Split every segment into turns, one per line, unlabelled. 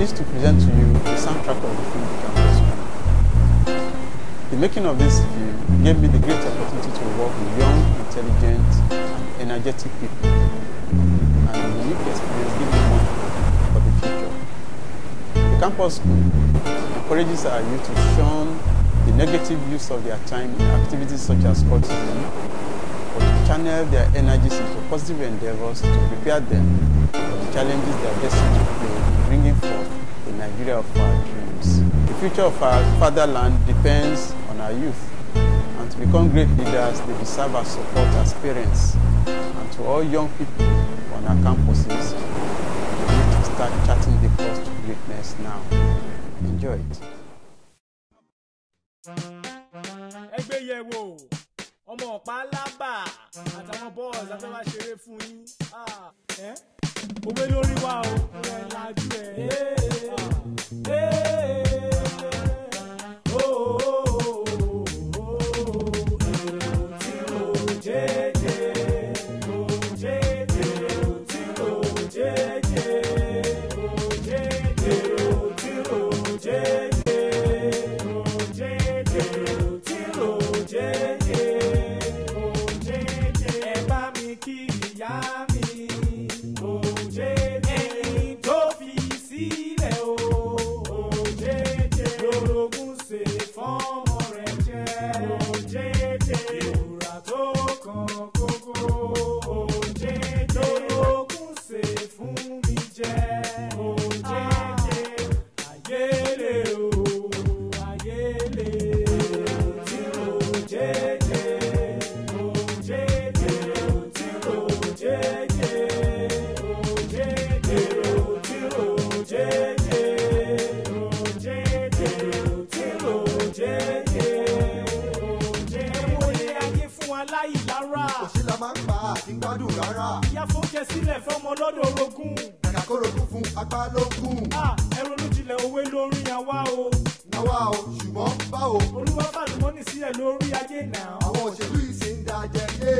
pleased to present to you the soundtrack of the film The Campus The making of this film gave me the great opportunity to work with young, intelligent, and energetic people. And the unique experience gave me more for the future. The Campus School encourages our youth to shun the negative use of their time in activities such as sports, but to channel their energies into positive endeavors to prepare them for the challenges they are destined to face. for the Nigeria of our dreams. The future of our fatherland depends on our youth. And to become great leaders, they deserve our support as parents. And to all young people on our campuses, we need to start charting the course to greatness now. Enjoy it.
ọmọ ọ̀pá lábà àtàwọn bọ́ọ̀lù afẹ́ ṣeré fún yín. Ah, òwe lórí wa o ẹ̀ lajú ẹ̀. fún mi jẹ o jẹjẹ ayéle o ayéle tí o jẹjẹ o jẹjẹ tí o jẹjẹ o o jẹjẹ o o jẹjẹ o gbádùn rárá. ìyá fóúnjẹ sílẹ̀ fọmọ lọ́dọ̀ orogún. kàkà kó rogún fún apá lógún. ẹ ronú òwe lórí àwa o. àwa o ṣùgbọ́n báwo. olúwa fàlùmọ́nì sílẹ̀ lórí ajé náà. àwọn òṣèlú yìí ń da jẹ lé.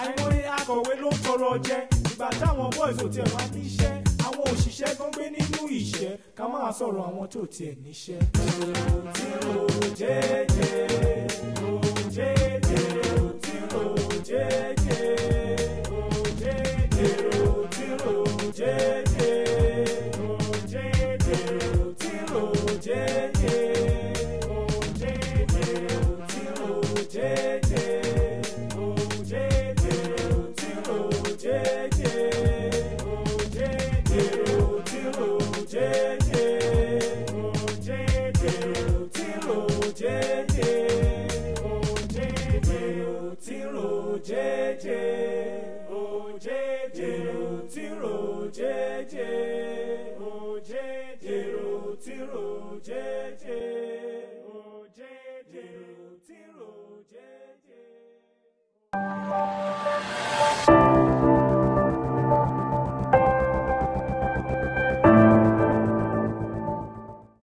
àìmọye akọ̀wé ló ń tọrọ jẹ ìgbà táwọn boys ò tiẹ̀ wá níṣẹ́ àwọn òṣìṣẹ́ tó ń gbé nínú ìṣẹ́ ká máa sọ̀rọ̀ àwọn tó tiẹ̀ níṣẹ́. òtí oh jẹ́jẹ́ o jẹ́jẹ́ èrò tí rò jẹ́jẹ́. Thank you.